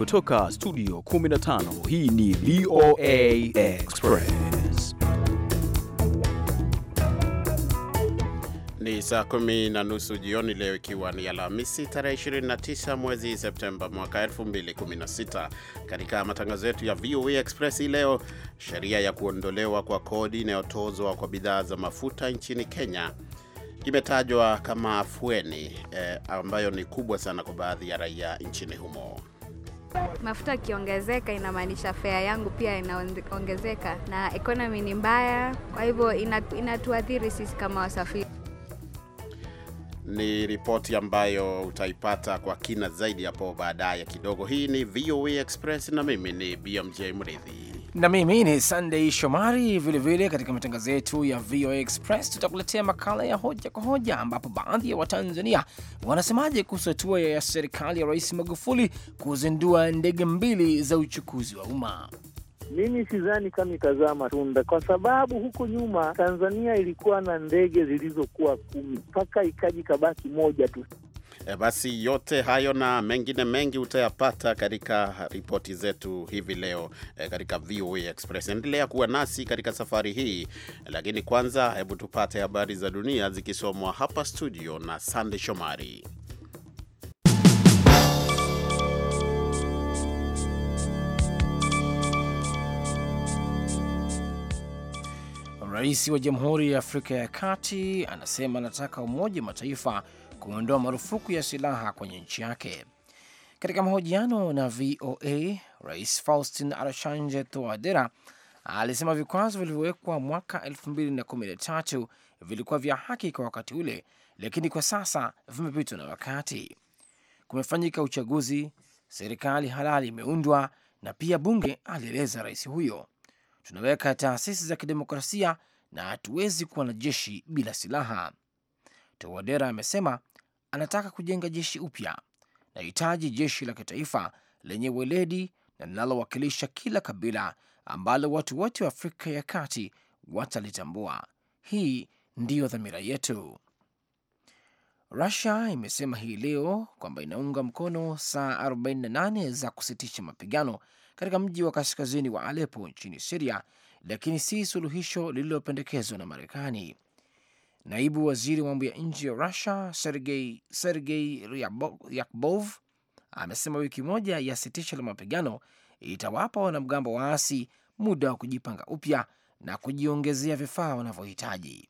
Kutoka studio 15 hii ni VOA Express. Ni saa kumi na nusu jioni leo, ikiwa ni Alhamisi tarehe 29 mwezi Septemba mwaka 2016. Katika matangazo yetu ya VOA Express hii leo, sheria ya kuondolewa kwa kodi inayotozwa kwa bidhaa za mafuta nchini Kenya imetajwa kama afueni eh, ambayo ni kubwa sana kwa baadhi ya raia nchini humo. Mafuta yakiongezeka inamaanisha fare yangu pia inaongezeka, na economy ni mbaya, kwa hivyo inatuathiri sisi kama wasafiri. Ni ripoti ambayo utaipata kwa kina zaidi hapo baadaye kidogo. Hii ni VOA e Express na mimi ni BMJ Mridhi na mimi ni Sunday Shomari. Vilevile katika matangazo yetu ya VOA Express tutakuletea makala ya hoja kwa hoja, ambapo baadhi ya Watanzania wanasemaje kuhusu hatua ya serikali ya Rais Magufuli kuzindua ndege mbili za uchukuzi wa umma. Mimi sidhani kama ikazaa matunda, kwa sababu huko nyuma Tanzania ilikuwa na ndege zilizokuwa kumi mpaka ikaji kabaki moja tu. E, basi yote hayo na mengine mengi utayapata katika ripoti zetu hivi leo e, katika VOA Express. Endelea kuwa nasi katika safari hii, lakini kwanza, hebu tupate habari za dunia zikisomwa hapa studio na Sande Shomari. Rais wa Jamhuri ya Afrika ya Kati anasema anataka Umoja wa Mataifa kuondoa marufuku ya silaha kwenye nchi yake. Katika mahojiano na VOA, Rais Faustin Archange Touadera alisema vikwazo vilivyowekwa mwaka 2013 vilikuwa vya haki kwa wakati ule, lakini kwa sasa vimepitwa na wakati. Kumefanyika uchaguzi, serikali halali imeundwa na pia bunge, alieleza rais huyo. Tunaweka taasisi za kidemokrasia na hatuwezi kuwa na jeshi bila silaha, Touadera amesema anataka kujenga jeshi upya. Nahitaji jeshi la kitaifa lenye weledi na linalowakilisha kila kabila ambalo watu wote wa Afrika ya Kati watalitambua. Hii ndiyo dhamira yetu. Rusia imesema hii leo kwamba inaunga mkono saa 48 za kusitisha mapigano katika mji wa kaskazini wa Alepo nchini Siria, lakini si suluhisho lililopendekezwa na Marekani. Naibu waziri wa mambo ya nje wa Russia Sergei, Sergei Ryabkov amesema wiki moja ya sitisho la mapigano itawapa wanamgambo waasi muda wa kujipanga upya na kujiongezea vifaa wanavyohitaji.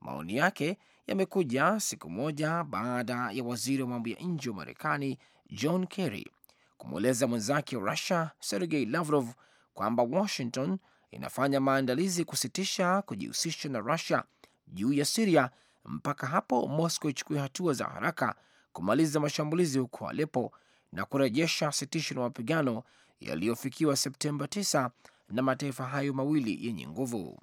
Maoni yake yamekuja siku moja baada ya waziri wa mambo ya nje wa Marekani John Kerry kumweleza mwenzake wa Rusia Sergei Lavrov kwamba Washington inafanya maandalizi kusitisha kujihusisha na Russia juu ya Siria mpaka hapo Moscow ichukue hatua za haraka kumaliza mashambulizi huko Aleppo na kurejesha sitisho la mapigano yaliyofikiwa Septemba 9 na mataifa hayo mawili yenye nguvu.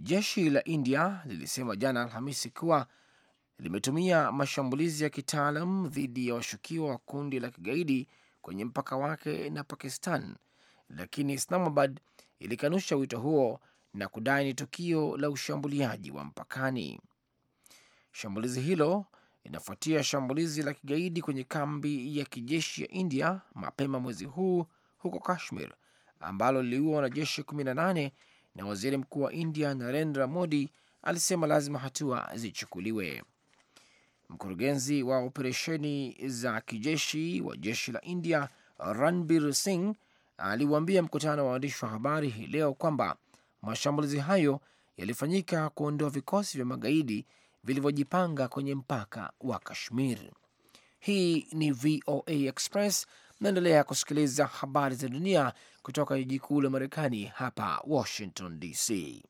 Jeshi la India lilisema jana Alhamisi kuwa limetumia mashambulizi ya kitaalam dhidi ya washukiwa wa kundi la kigaidi kwenye mpaka wake na Pakistan, lakini Islamabad ilikanusha wito huo na kudai ni tukio la ushambuliaji wa mpakani. Shambulizi hilo linafuatia shambulizi la kigaidi kwenye kambi ya kijeshi ya India mapema mwezi huu huko Kashmir ambalo liliua wanajeshi 18 na waziri mkuu wa India Narendra Modi alisema lazima hatua zichukuliwe. Mkurugenzi wa operesheni za kijeshi wa jeshi la India Ranbir Singh aliwaambia mkutano wa waandishi wa habari hii leo kwamba Mashambulizi hayo yalifanyika kuondoa vikosi vya magaidi vilivyojipanga kwenye mpaka wa Kashmir. Hii ni VOA Express, naendelea kusikiliza habari za dunia kutoka jiji kuu la Marekani hapa Washington DC.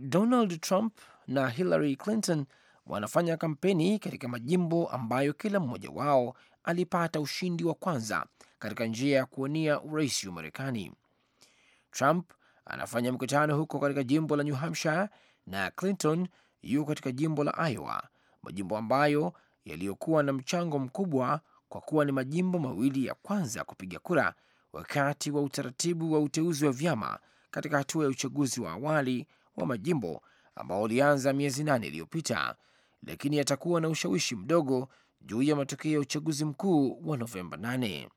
Donald Trump na Hillary Clinton wanafanya kampeni katika majimbo ambayo kila mmoja wao alipata ushindi wa kwanza katika njia ya kuwania urais wa Marekani. Trump anafanya mkutano huko katika jimbo la New Hampshire na Clinton yuko katika jimbo la Iowa, majimbo ambayo yaliyokuwa na mchango mkubwa kwa kuwa ni majimbo mawili ya kwanza kupiga kura wakati wa utaratibu wa uteuzi wa vyama katika hatua ya uchaguzi wa awali wa majimbo ambao ulianza miezi nane iliyopita, lakini yatakuwa na ushawishi mdogo juu ya matokeo ya uchaguzi mkuu wa Novemba 8.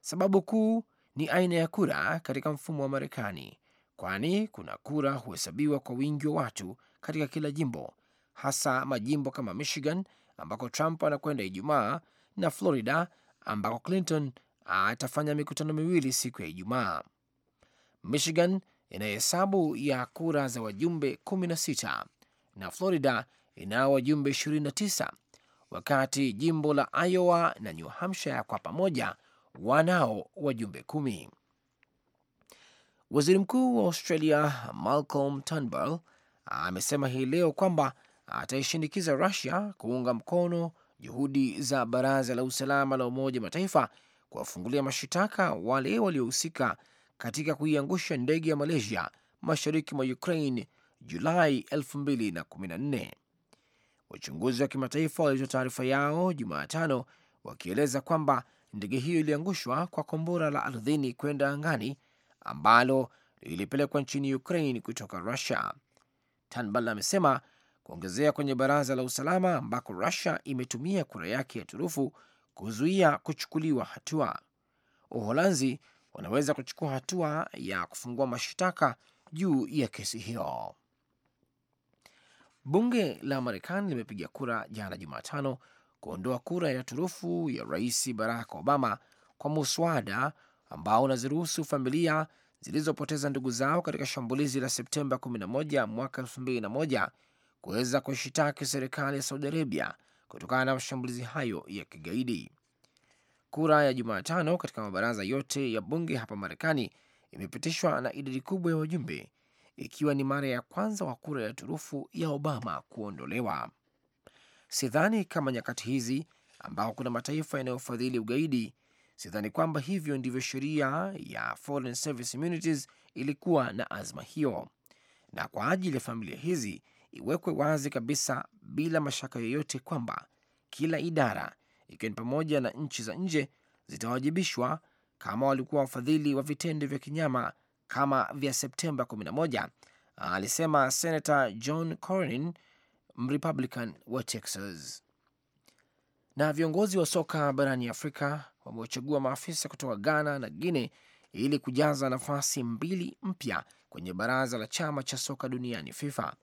Sababu kuu ni aina ya kura katika mfumo wa Marekani, kwani kuna kura huhesabiwa kwa wingi wa watu katika kila jimbo, hasa majimbo kama Michigan ambako Trump anakwenda Ijumaa na Florida ambako Clinton atafanya mikutano miwili siku ya Ijumaa. Michigan ina hesabu ya kura za wajumbe 16 na Florida inao wajumbe 29, wakati jimbo la Iowa na New Hampshire kwa pamoja wanao wajumbe kumi. Waziri mkuu wa Australia Malcolm Turnbull amesema hii leo kwamba ataishinikiza Rusia kuunga mkono juhudi za Baraza la Usalama la Umoja Mataifa kuwafungulia mashitaka wale waliohusika katika kuiangusha ndege ya Malaysia mashariki mwa Ukraine Julai 2014. Wachunguzi wa kimataifa walitoa taarifa yao Jumatano wakieleza kwamba ndege hiyo iliangushwa kwa kombora la ardhini kwenda angani ambalo lilipelekwa nchini Ukraine kutoka Russia. Tanbal amesema kuongezea kwenye baraza la usalama ambako Russia imetumia kura yake ya turufu kuzuia kuchukuliwa hatua. Uholanzi wanaweza kuchukua hatua ya kufungua mashtaka juu ya kesi hiyo. Bunge la Marekani limepiga kura jana Jumatano kuondoa kura ya turufu ya Rais Barack Obama kwa muswada ambao unaziruhusu familia zilizopoteza ndugu zao katika shambulizi la Septemba 11 mwaka 2001 kuweza kushitaki serikali ya Saudi Arabia kutokana na mashambulizi hayo ya kigaidi. Kura ya Jumatano katika mabaraza yote ya bunge hapa Marekani imepitishwa na idadi kubwa ya wajumbe, ikiwa ni mara ya kwanza wa kura ya turufu ya Obama kuondolewa. Sidhani kama nyakati hizi ambao kuna mataifa yanayofadhili ugaidi, sidhani kwamba hivyo ndivyo sheria ya Foreign Service Immunities ilikuwa na azma hiyo, na kwa ajili ya familia hizi iwekwe wazi kabisa bila mashaka yoyote kwamba kila idara ikiwa ni pamoja na nchi za nje zitawajibishwa kama walikuwa wafadhili wa vitendo vya kinyama kama vya Septemba 11, alisema Senator John Cornyn Mrepublican wa Texas. Na viongozi wa soka barani Afrika wamewachagua maafisa kutoka Ghana na Guine ili kujaza nafasi mbili mpya kwenye baraza la chama cha soka duniani FIFA,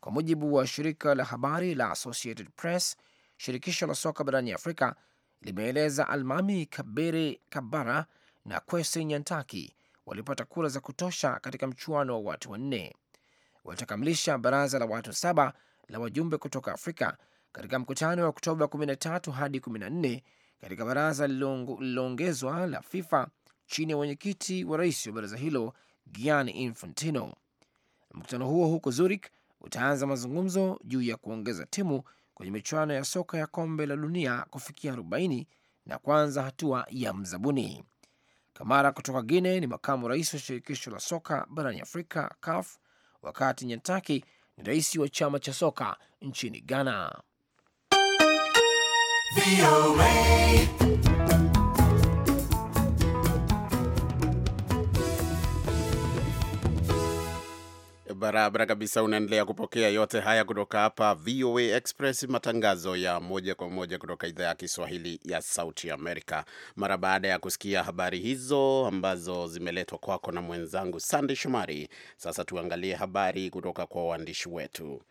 kwa mujibu wa shirika la habari la Associated Press. Shirikisho la soka barani Afrika limeeleza Almami Kabere Kabara na Kwesi Nyantaki walipata kura za kutosha katika mchuano wa watu wanne. Watakamilisha baraza la watu saba la wajumbe kutoka Afrika katika mkutano wa Oktoba 13 hadi 14 katika baraza lililoongezwa la FIFA chini ya mwenyekiti wa rais wa baraza hilo Gianni Infantino. Mkutano huo huko Zurich utaanza mazungumzo juu ya kuongeza timu kwenye michuano ya soka ya kombe la dunia kufikia 40 na kuanza hatua ya mzabuni. Kamara kutoka Guine ni makamu rais wa shirikisho la soka barani Afrika, CAF, wakati Nyantaki rais wa chama cha soka nchini Ghana. barabara kabisa. Unaendelea kupokea yote haya kutoka hapa VOA Express, matangazo ya moja kwa moja kutoka idhaa ya Kiswahili ya Sauti Amerika. Mara baada ya kusikia habari hizo ambazo zimeletwa kwako na mwenzangu Sande Shomari, sasa tuangalie habari kutoka kwa waandishi wetu.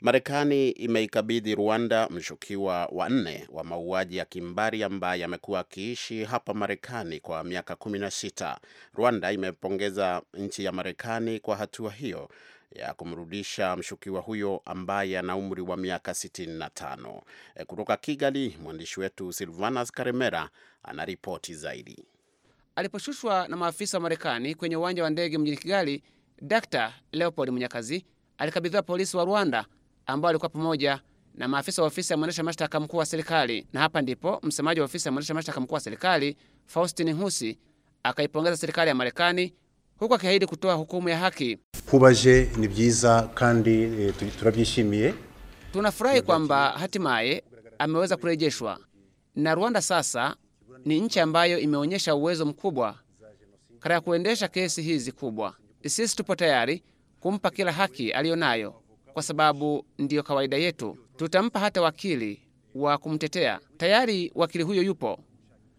Marekani imeikabidhi Rwanda mshukiwa wanne wa mauaji ya kimbari ambaye amekuwa akiishi hapa Marekani kwa miaka 16. Rwanda imepongeza nchi ya Marekani kwa hatua hiyo ya kumrudisha mshukiwa huyo ambaye ana umri wa miaka 65. Eh, kutoka Kigali, mwandishi wetu Silvanas Karemera ana ripoti zaidi. Aliposhushwa na maafisa wa Marekani kwenye uwanja wa ndege mjini Kigali, Dr. Leopold Munyakazi alikabidhiwa polisi wa Rwanda ambao alikuwa pamoja na maafisa wa ofisi ya mwendesha mashtaka mkuu wa serikali. Na hapa ndipo msemaji wa ofisi ya mwendesha mashtaka mkuu wa serikali Faustin Husi akaipongeza serikali ya Marekani kuko akiahidi kutoa hukumu ya haki. kubaje ni byiza kandi e, turabyishimiye. Tunafurahi kwamba hatimaye ameweza kurejeshwa, na Rwanda sasa ni nchi ambayo imeonyesha uwezo mkubwa katika kuendesha kesi hizi kubwa. Sisi tupo tayari kumpa kila haki aliyonayo, kwa sababu ndiyo kawaida yetu. Tutampa hata wakili wa kumtetea. Tayari wakili huyo yupo,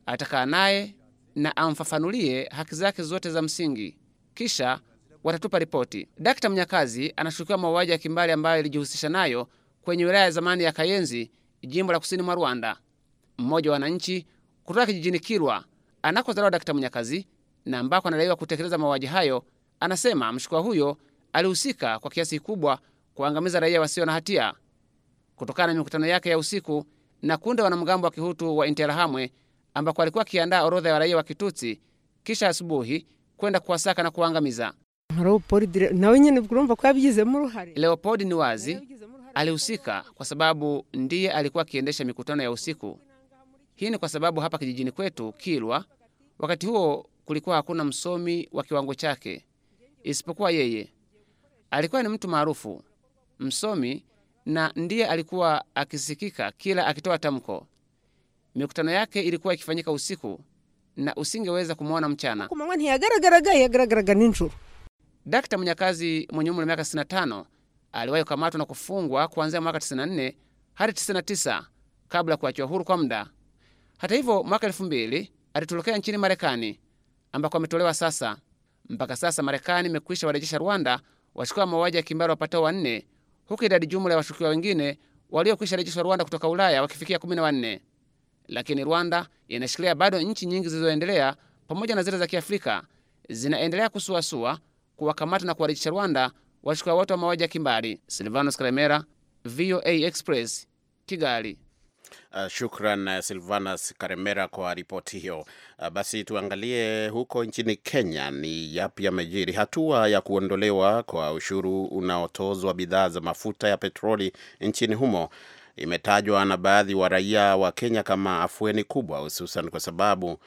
atakaa naye na amfafanulie haki zake zote za msingi kisha watatupa ripoti. Dkt. Mnyakazi anashukiwa mauaji ya kimbali ambayo ilijihusisha nayo kwenye wilaya ya zamani ya Kayenzi, jimbo la kusini mwa Rwanda. Mmoja wa wananchi kutoka kijijini Kirwa anakozaliwa Dkt. Mnyakazi na ambako anadaiwa kutekeleza mauaji hayo, anasema mshukiwa huyo alihusika kwa kiasi kikubwa kuangamiza raia wasio na hatia kutokana na mikutano yake ya usiku na kundi la wanamgambo wa kihutu wa Interahamwe ambako alikuwa akiandaa orodha ya raia wa Kitutsi, kisha asubuhi kwenda kuwasaka na kuangamiza. Leopold ni wazi alihusika kwa sababu ndiye alikuwa akiendesha mikutano ya usiku. Hii ni kwa sababu hapa kijijini kwetu Kilwa, wakati huo kulikuwa hakuna msomi wa kiwango chake isipokuwa yeye. Alikuwa ni mtu maarufu msomi, na ndiye alikuwa akisikika kila akitoa tamko. Mikutano yake ilikuwa ikifanyika usiku, na usingeweza kumwona mchana. Dkt. Munyakazi mwenye umri wa miaka 65 aliwahi kukamatwa na kufungwa kuanzia mwaka 94 hadi 99 kabla ya kuachiwa huru kwa muda. Hata hivyo, mwaka 2000 alitorokea nchini Marekani ambako ametolewa sasa. Mpaka sasa Marekani imekwisha warejesha Rwanda washukiwa mauaji ya kimbari wapatao wanne, huku idadi jumla ya washukiwa wengine waliokwisha rejeshwa Rwanda kutoka Ulaya wakifikia 14 lakini Rwanda inashikilia bado nchi nyingi zilizoendelea pamoja na zile za Kiafrika zinaendelea kusuasua kuwakamata na kuwarejesha Rwanda washukiwa wote wa mauaji ya kimbari. Silvanos VOA Express, Kigali. Uh, shukran eh, Silvanas Karemera kwa ripoti hiyo. Uh, basi tuangalie huko nchini Kenya ni yapi yamejiri. Hatua ya kuondolewa kwa ushuru unaotozwa bidhaa za mafuta ya petroli nchini humo imetajwa na baadhi wa raia wa Kenya kama afueni kubwa, hususan kwa sababu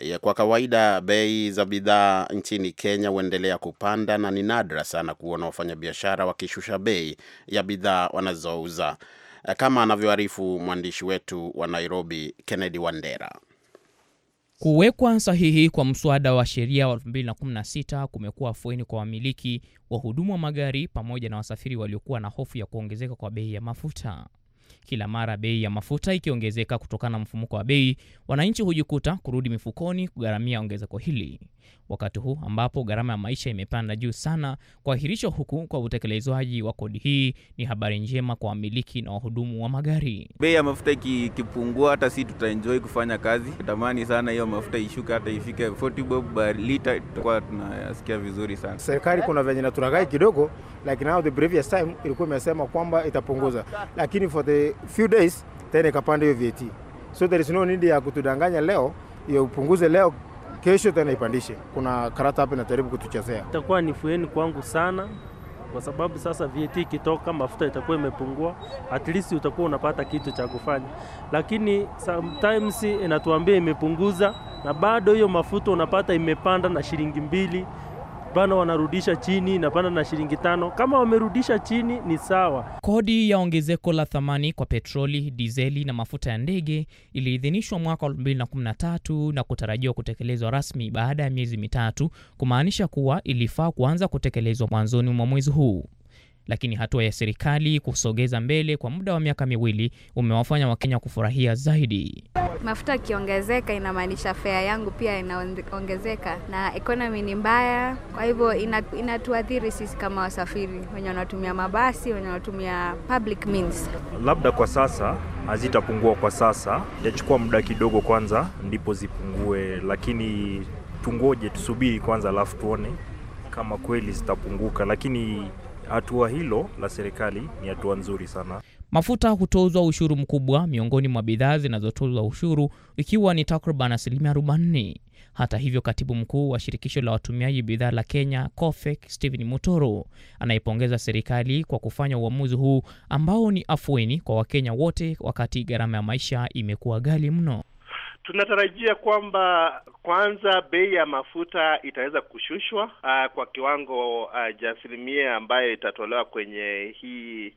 eh, kwa kawaida bei za bidhaa nchini Kenya huendelea kupanda na ni nadra sana kuona wafanyabiashara wakishusha bei ya bidhaa wanazouza, eh, kama anavyoarifu mwandishi wetu wa Nairobi, Kennedy Wandera. Kuwekwa sahihi kwa mswada wa sheria wa 2016 kumekuwa afueni kwa wamiliki, wahudumu wa magari pamoja na wasafiri waliokuwa na hofu ya kuongezeka kwa bei ya mafuta. Kila mara bei ya mafuta ikiongezeka kutokana na mfumuko wa bei, wananchi hujikuta kurudi mifukoni kugharamia ongezeko hili wakati huu ambapo gharama ya maisha imepanda juu sana. Kuahirishwa huku kwa utekelezwaji wa kodi hii ni habari njema kwa wamiliki na wahudumu wa magari. Bei ya mafuta ikipungua, hata si tutaenjoy kufanya kazi. Natamani sana hiyo mafuta ishuke, hata ifike 40 bob per liter, tutakuwa tunasikia vizuri sana. Serikali kuna venye natunagai kidogo, like now the previous time ilikuwa imesema kwamba itapunguza, lakini for the few days tena ikapanda hiyo VAT, so there is no need ya kutudanganya leo, ya upunguze leo kesho tena ipandishe. Kuna karata hapa inajaribu kutuchezea. Itakuwa ni fueni kwangu sana, kwa sababu sasa VAT ikitoka mafuta itakuwa imepungua, at least utakuwa unapata kitu cha kufanya, lakini sometimes inatuambia imepunguza na bado hiyo mafuta unapata imepanda na shilingi mbili bana wanarudisha chini na bana na shilingi tano. Kama wamerudisha chini ni sawa. Kodi ya ongezeko la thamani kwa petroli, dizeli na mafuta ya ndege iliidhinishwa mwaka 2013 na kutarajiwa kutekelezwa rasmi baada ya miezi mitatu, kumaanisha kuwa ilifaa kuanza kutekelezwa mwanzoni mwa mwezi huu lakini hatua ya serikali kusogeza mbele kwa muda wa miaka miwili umewafanya Wakenya kufurahia zaidi. Mafuta akiongezeka, inamaanisha fea yangu pia inaongezeka, na ekonomi ni mbaya, kwa hivyo inatuathiri sisi kama wasafiri wenye wanatumia mabasi, wenye wanatumia public means. Labda kwa sasa hazitapungua, kwa sasa itachukua muda kidogo kwanza ndipo zipungue, lakini tungoje, tusubiri kwanza, alafu tuone kama kweli zitapunguka, lakini hatua hilo la serikali ni hatua nzuri sana. Mafuta hutozwa ushuru mkubwa miongoni mwa bidhaa zinazotozwa ushuru ikiwa ni takriban asilimia 40 Hata hivyo, katibu mkuu wa shirikisho la watumiaji bidhaa la Kenya COFEK, Stephen Mutoro, anaipongeza serikali kwa kufanya uamuzi huu ambao ni afueni kwa Wakenya wote wakati gharama ya maisha imekuwa ghali mno. Tunatarajia kwamba kwanza bei ya mafuta itaweza kushushwa uh, kwa kiwango uh, cha asilimia ambayo itatolewa kwenye hii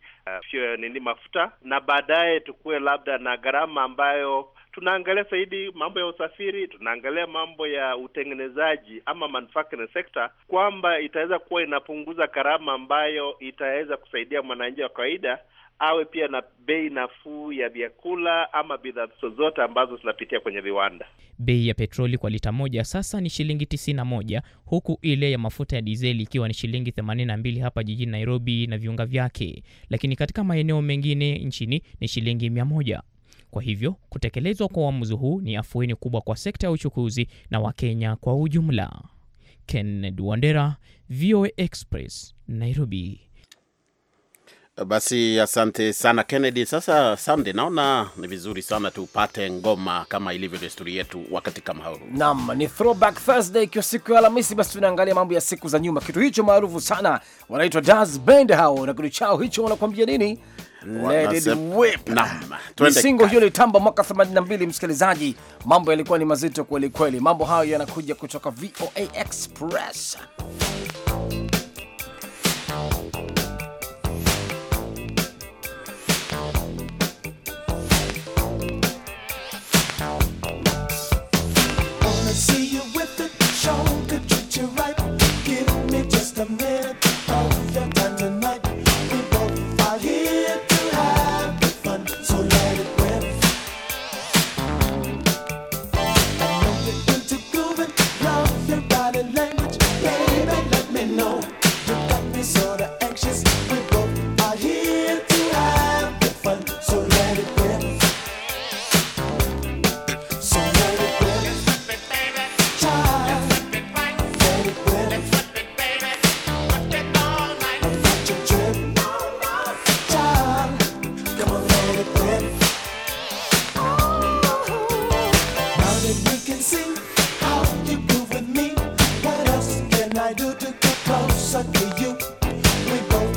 uh, nini mafuta, na baadaye tukuwe labda na gharama ambayo tunaangalia zaidi mambo ya usafiri, tunaangalia mambo ya utengenezaji ama manufacturing sector, kwamba itaweza kuwa inapunguza gharama ambayo itaweza kusaidia mwananchi wa kawaida awe pia na bei nafuu ya vyakula ama bidhaa zozote ambazo zinapitia kwenye viwanda. Bei ya petroli kwa lita moja sasa ni shilingi 91 moja huku ile ya mafuta ya dizeli ikiwa ni shilingi themanini na mbili hapa jijini Nairobi na viunga vyake, lakini katika maeneo mengine nchini ni shilingi 100. Kwa hivyo kutekelezwa kwa uamuzi huu ni afueni kubwa kwa sekta ya uchukuzi na Wakenya kwa ujumla. Kennedy Wandera, VOA Express, Nairobi. Basi asante sana Kennedy. Sasa Sande, naona ni vizuri sana tupate ngoma kama ilivyo desturi yetu wakati kama huu. Naam, ni Throwback Thursday ikiwa siku ya Alhamisi, basi tunaangalia mambo ya siku za nyuma, kitu hicho maarufu sana. Wanaitwa Jazz Band hao na kitu chao hicho, wanakuambia nini? Singo hiyo litamba mwaka 82. Msikilizaji, mambo yalikuwa ni mazito kweli kweli. Mambo hayo yanakuja kutoka VOA Express sucker you. We gon'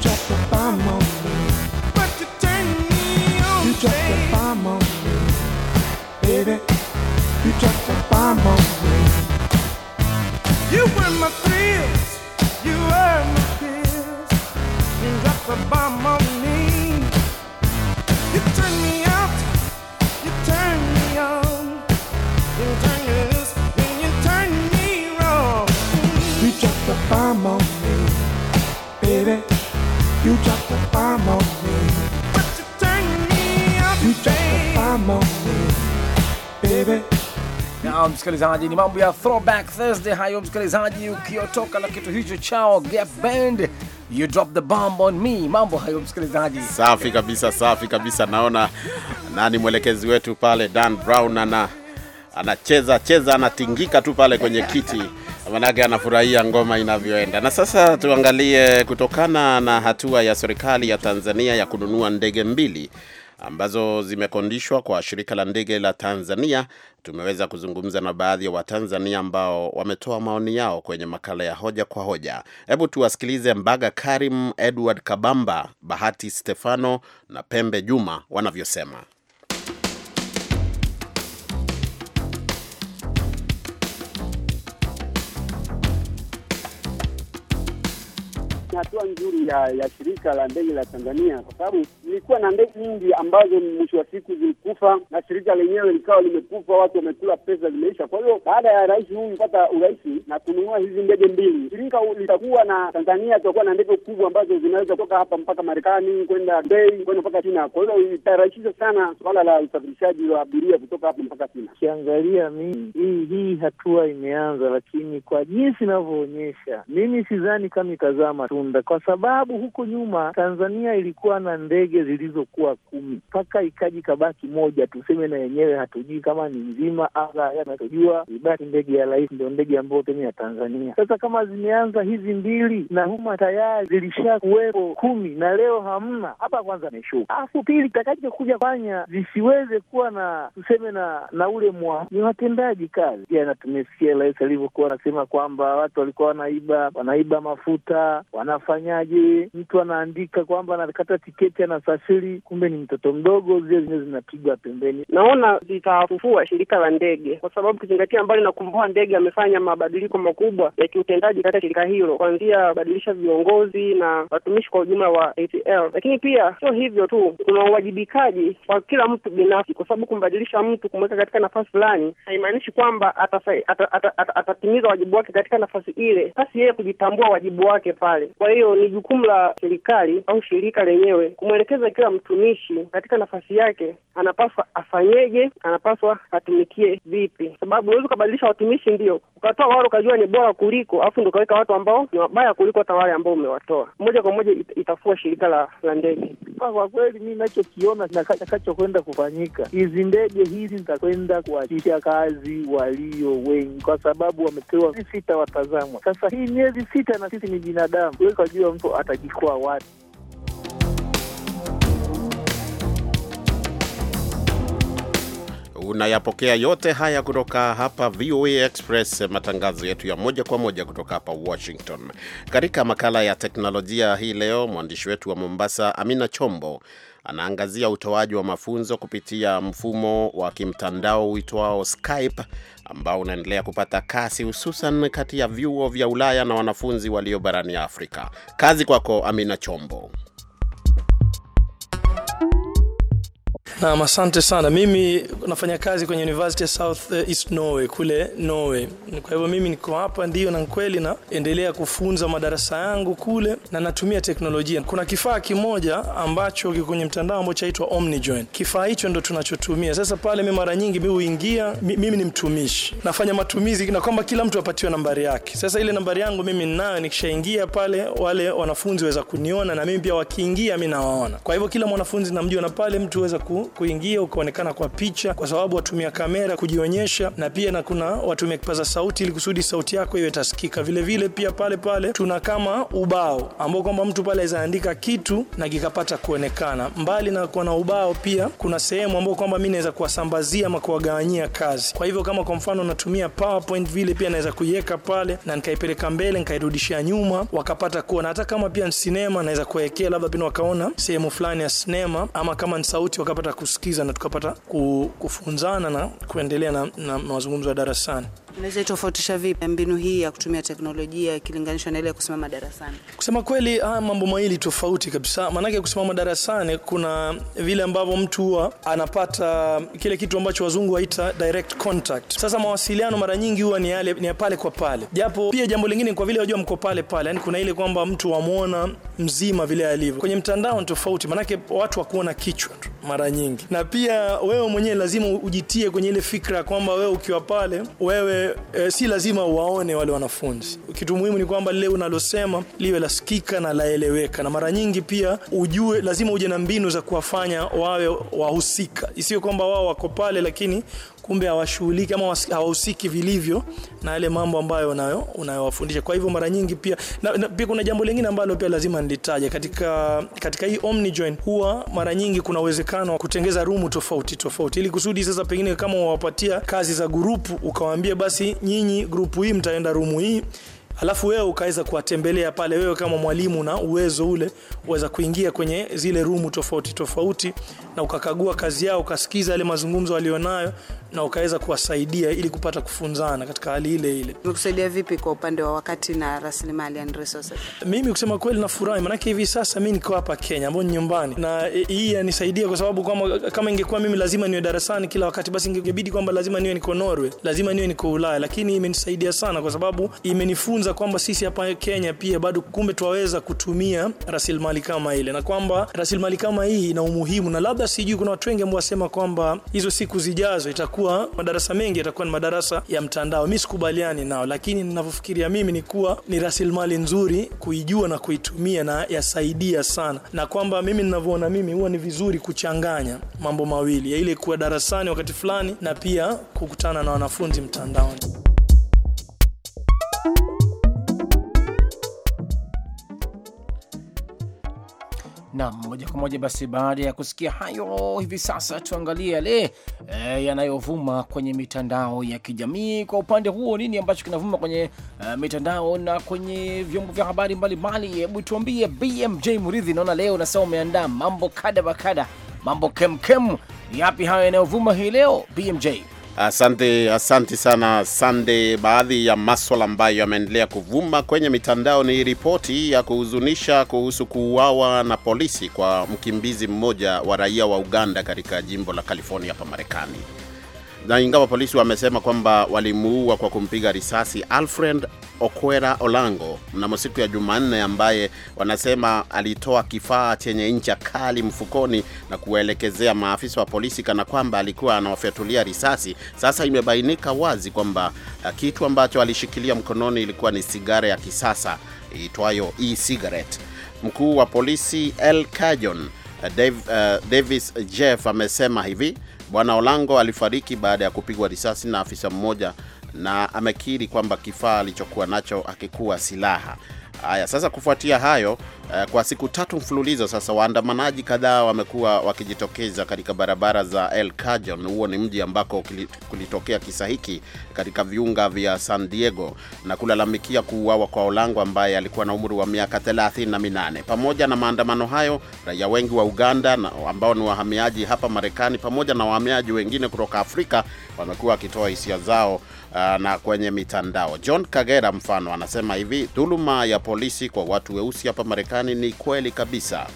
drop the bomb on msikilizaji, ni mambo ya Throwback Thursday hayo msikilizaji, ukiotoka na kitu hicho chao Gap Band You drop the bomb on me. Mambo hayo msikilizaji, safi kabisa, safi kabisa. Naona nani mwelekezi wetu pale Dan Brown ana anacheza cheza anatingika tu pale kwenye kiti, manake anafurahia ngoma inavyoenda. Na sasa tuangalie, kutokana na hatua ya serikali ya Tanzania ya kununua ndege mbili ambazo zimekondishwa kwa shirika la ndege la Tanzania, tumeweza kuzungumza na baadhi ya wa Watanzania ambao wametoa maoni yao kwenye makala ya hoja kwa hoja. Hebu tuwasikilize Mbaga Karim, Edward Kabamba, Bahati Stefano na Pembe Juma wanavyosema. hatua nzuri ya, ya shirika la ndege la Tanzania kwa sababu ilikuwa na ndege nyingi ambazo mwisho wa siku zilikufa na shirika lenyewe likawa limekufa, watu wamekula pesa, zimeisha. Kwa hiyo baada ya rais huyu kupata urais na kununua hizi ndege mbili, shirika litakuwa na Tanzania, itakuwa na ndege kubwa ambazo zinaweza kutoka hapa mpaka Marekani kwenda Dubai kwenda mpaka China. Kwa hiyo itarahisisha sana suala la usafirishaji wa abiria kutoka hapa mpaka China. Ukiangalia mimi hii hii hatua imeanza, lakini kwa jinsi inavyoonyesha mimi sidhani kama itazaa matunda. Munda, kwa sababu huko nyuma Tanzania ilikuwa na ndege zilizokuwa kumi mpaka ikaji kabaki moja, tuseme na yenyewe hatujui kama ni nzima aa, anachojua ibaki ndege ya rais ndio ndege ambayo tena ya Tanzania. Sasa kama zimeanza hizi mbili na huma tayari zilisha kuwepo kumi na leo hamna, hapa kwanza ameshuka, alafu pili takachokuja fanya zisiweze kuwa na tuseme na na ule mwa ni watendaji kazi pia, na tumesikia rais alivyokuwa anasema kwamba watu walikuwa wanaiba wanaiba mafuta wana anafanyaje, mtu anaandika kwamba anakata tiketi, anasafiri, kumbe ni mtoto mdogo, zile zingine zinapigwa pembeni. Naona zitafufua shirika la ndege, kwa sababu kizingatia mbali na kumboa ndege, amefanya mabadiliko makubwa ya kiutendaji katika shirika hilo, kuanzia badilisha viongozi na watumishi kwa ujumla wa ATL. Lakini pia sio hivyo tu, kuna uwajibikaji kwa kila mtu binafsi, kwa sababu kumbadilisha mtu kumweka katika nafasi fulani haimaanishi kwamba atatimiza wajibu wake katika nafasi ile, basi yeye kujitambua wajibu wake pale kwa kwa hiyo ni jukumu la serikali au shirika lenyewe kumwelekeza kila mtumishi katika nafasi yake, anapaswa afanyeje, anapaswa atumikie vipi, sababu unaweza ukabadilisha watumishi, ndio ukatoa wale ukajua ni bora kuliko, alafu ndo ukaweka watu ambao ni wabaya kuliko hata wale ambao umewatoa. Moja kwa moja itafua shirika la la ndege. Kwa kweli, mi nachokiona nakachokwenda kufanyika, hizi ndege hizi zitakwenda kuachisha kazi walio wengi, kwa sababu wamepewa sita watazamwa. Sasa hii miezi sita na sisi ni binadamu kajua mtu atajikua wapi. Unayapokea yote haya kutoka hapa VOA Express, matangazo yetu ya moja kwa moja kutoka hapa Washington. Katika makala ya teknolojia hii leo, mwandishi wetu wa Mombasa Amina Chombo anaangazia utoaji wa mafunzo kupitia mfumo wa kimtandao uitwao Skype ambao unaendelea kupata kasi hususan kati ya vyuo vya Ulaya na wanafunzi walio barani Afrika. Kazi kwako Amina Chombo. Na asante sana. Mimi nafanya kazi kwenye University of South eh, East Norway kule Norway. Kwa hivyo mimi niko hapa ndio, na kweli endelea kufunza madarasa yangu kule na natumia teknolojia. Kuna kifaa kimoja ambacho kiko kwenye mtandao ambao chaitwa OmniJoin. Kifaa hicho ndo tunachotumia sasa. Pale mimi mara nyingi mimi huingia, mimi ni mtumishi, nafanya matumizi na kwamba kila mtu apatiwe nambari yake. Sasa ile nambari yangu mimi ninayo, nikishaingia pale wale wanafunzi waweza kuniona na mimi pia wakiingia mimi nawaona. Kwa hivyo kila mwanafunzi namjua na pale mtu waweza ku kuingia ukaonekana kwa picha, kwa sababu watumia kamera kujionyesha, na pia na kuna watumia kipaza sauti ili kusudi sauti yako iwe tasikika. Vile vile pia pale pale tuna kama ubao ambao kwamba mtu pale azaandika kitu na kikapata kuonekana. Mbali na kuwa na ubao, pia kuna sehemu ambayo kwamba mimi naweza kuwasambazia ama kuwagawanyia kazi. Kwa hivyo kama kwa mfano natumia PowerPoint vile pia naweza kuiweka pale na nikaipeleka mbele nikairudishia nyuma, wakapata kuona. Hata kama pia ni sinema, naweza kuwekea labda pia wakaona sehemu fulani ya sinema, ama kama ni sauti wakapata kusikiza na tukapata kufunzana na kuendelea na, na mazungumzo ya darasani. Unaweza tofautisha vipi mbinu hii ya kutumia teknolojia ikilinganishwa na ile ya kusimama darasani? Kusema kweli, haya mambo mawili tofauti kabisa. Maanake kusimama darasani kuna vile ambavyo mtu huwa anapata kile kitu ambacho wazungu waita direct contact. Sasa mawasiliano mara nyingi huwa ni yale, ni pale kwa pale, japo pia jambo lingine kwa vile wajua mko pale pale, yani kuna ile kwamba mtu wamwona mzima vile alivyo. Kwenye mtandao ni tofauti, maanake watu wakuona kichwa tu mara nyingi, na pia wewe mwenyewe lazima ujitie kwenye ile fikra kwamba wewe ukiwa pale wewe e, si lazima waone wale wanafunzi. Kitu muhimu ni kwamba lile unalosema liwe lasikika na laeleweka, na mara nyingi pia ujue, lazima uje na mbinu za kuwafanya wawe wahusika, isiyo kwamba wao wako pale lakini kumbe hawashughuliki ama hawahusiki vilivyo na yale mambo ambayo nayo unayowafundisha. Kwa hivyo mara nyingi pia na, na, pia kuna jambo lingine ambalo pia lazima nilitaja katika katika hii OmniJoin, huwa mara nyingi kuna uwezekano wa kutengeza rumu tofauti tofauti, ili kusudi sasa pengine kama wawapatia kazi za grupu, ukawaambia basi nyinyi grupu hii mtaenda rumu hii alafu wewe ukaweza kuwatembelea pale, wewe kama mwalimu na uwezo ule uweza kuingia kwenye zile rumu tofauti tofauti na ukakagua kazi yao, ukasikiza yale mazungumzo walionayo na ukaweza kuwasaidia ili kupata kufunzana katika hali ile ile. Umekusaidia vipi kwa upande wa wakati na rasilimali and resources? Mimi kusema kweli nafurahi, maanake hivi sasa mimi niko hapa Kenya ambao ni nyumbani, na e, hii yanisaidia kwa sababu kama, kama ingekuwa mimi lazima niwe darasani kila wakati, basi ingebidi kwamba lazima niwe niko Norway, lazima niwe niko Ulaya, lakini imenisaidia sana kwa sababu imenifunza kwamba sisi hapa Kenya pia bado kumbe twaweza kutumia rasilimali kama ile na kwamba rasilimali kama hii ina umuhimu na labda sijui kuna watu wengi ambao wasema kwamba hizo siku zijazo itakuwa madarasa mengi yatakuwa ni madarasa ya mtandao. mi sikubaliani nao, lakini ninavyofikiria mimi ni kuwa ni rasilimali nzuri kuijua na kuitumia na yasaidia sana, na kwamba mimi ninavyoona mimi huwa ni vizuri kuchanganya mambo mawili ya ile kuwa darasani wakati fulani na pia kukutana na wanafunzi mtandaoni. Nam, moja kwa moja basi, baada ya kusikia hayo, hivi sasa tuangalie yale e, yanayovuma kwenye mitandao ya kijamii. Kwa upande huo, nini ambacho kinavuma kwenye uh, mitandao na kwenye vyombo vya habari mbalimbali? Hebu tuambie, BMJ Muridhi, naona leo nasa umeandaa mambo kada bakada, mambo kemkem. Ni yapi hayo yanayovuma hii leo BMJ? Asante, asante sana Sande. Baadhi ya maswala ambayo yameendelea kuvuma kwenye mitandao ni ripoti ya kuhuzunisha kuhusu kuuawa na polisi kwa mkimbizi mmoja wa raia wa Uganda katika jimbo la California hapa Marekani na ingawa polisi wamesema kwamba walimuua kwa kumpiga risasi Alfred Okwera Olango mnamo siku ya Jumanne, ambaye wanasema alitoa kifaa chenye ncha kali mfukoni na kuwaelekezea maafisa wa polisi kana kwamba alikuwa anawafyatulia risasi. Sasa imebainika wazi kwamba eh, kitu ambacho alishikilia mkononi ilikuwa ni sigara ya kisasa iitwayo e-cigarette. Mkuu wa polisi El Cajon eh, Dave, uh, Davis Jeff amesema hivi Bwana Olango alifariki baada ya kupigwa risasi na afisa mmoja na amekiri kwamba kifaa alichokuwa nacho akikuwa silaha. Haya, sasa kufuatia hayo eh, kwa siku tatu mfululizo sasa, waandamanaji kadhaa wamekuwa wakijitokeza katika barabara za El Cajon. Huo ni mji ambako kulitokea kisa hiki katika viunga vya San Diego, na kulalamikia kuuawa kwa Olango ambaye alikuwa na umri wa miaka 38. Pamoja na maandamano hayo, raia wengi wa Uganda na ambao ni wahamiaji hapa Marekani pamoja na wahamiaji wengine kutoka Afrika wamekuwa wakitoa hisia zao Ah, na kwenye mitandao. John Kagera mfano anasema hivi, dhuluma ya polisi kwa watu weusi hapa Marekani ni kweli kabisa.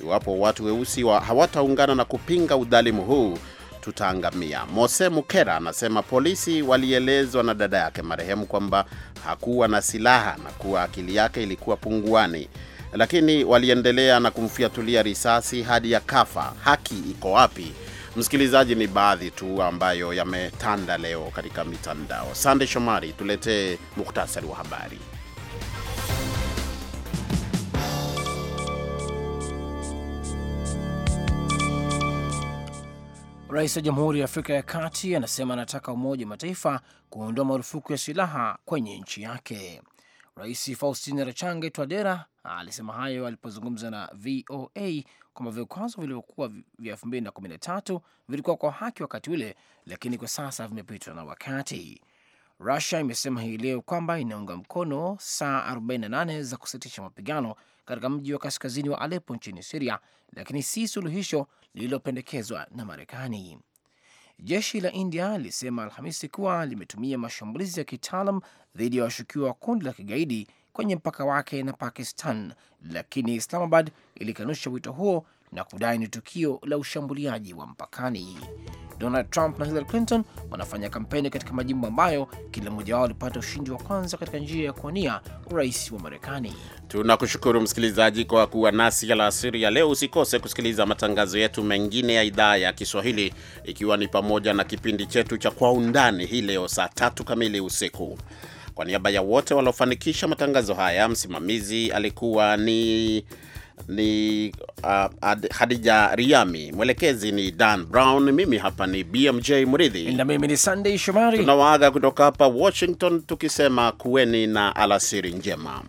Iwapo watu weusi wa hawataungana na kupinga udhalimu huu tutaangamia. Mose Mukera anasema polisi walielezwa na dada yake marehemu kwamba hakuwa na silaha na kuwa akili yake ilikuwa punguani, lakini waliendelea na kumfiatulia risasi hadi ya kafa Haki iko wapi? Msikilizaji, ni baadhi tu ambayo yametanda leo katika mitandao. Sande Shomari, tuletee muhtasari wa habari. Rais wa Jamhuri ya Afrika ya Kati anasema anataka Umoja wa Mataifa kuondoa marufuku ya silaha kwenye nchi yake. Rais Faustin Archange Twadera alisema hayo alipozungumza na VOA kwamba vikwazo vilivyokuwa vya elfu mbili na kumi na tatu vilikuwa kwa haki wakati ule, lakini kwa sasa vimepitwa na wakati. Rusia imesema hii leo kwamba inaunga mkono saa 48 za kusitisha mapigano katika mji wa kaskazini wa Alepo nchini Siria, lakini si suluhisho lililopendekezwa na Marekani. Jeshi la India lilisema Alhamisi kuwa limetumia mashambulizi ya kitaalam dhidi ya washukiwa wa kundi la kigaidi kwenye mpaka wake na Pakistan, lakini Islamabad ilikanusha wito huo na kudai ni tukio la ushambuliaji wa mpakani. Donald Trump na Hillary Clinton wanafanya kampeni katika majimbo ambayo kila mmoja wao alipata ushindi wa kwanza katika njia ya kuwania urais wa Marekani. Tunakushukuru msikilizaji kwa kuwa nasi alasiri ya leo. Usikose kusikiliza matangazo yetu mengine ya idhaa ya Kiswahili, ikiwa ni pamoja na kipindi chetu cha Kwa Undani hii leo saa tatu kamili usiku. Kwa niaba ya wote waliofanikisha matangazo haya, msimamizi alikuwa ni ni uh, Hadija Riami, mwelekezi ni Dan Brown, mimi hapa ni BMJ Mridhi na mimi ni Sunday Shomari. Tunawaaga kutoka hapa Washington tukisema kuweni na alasiri njema.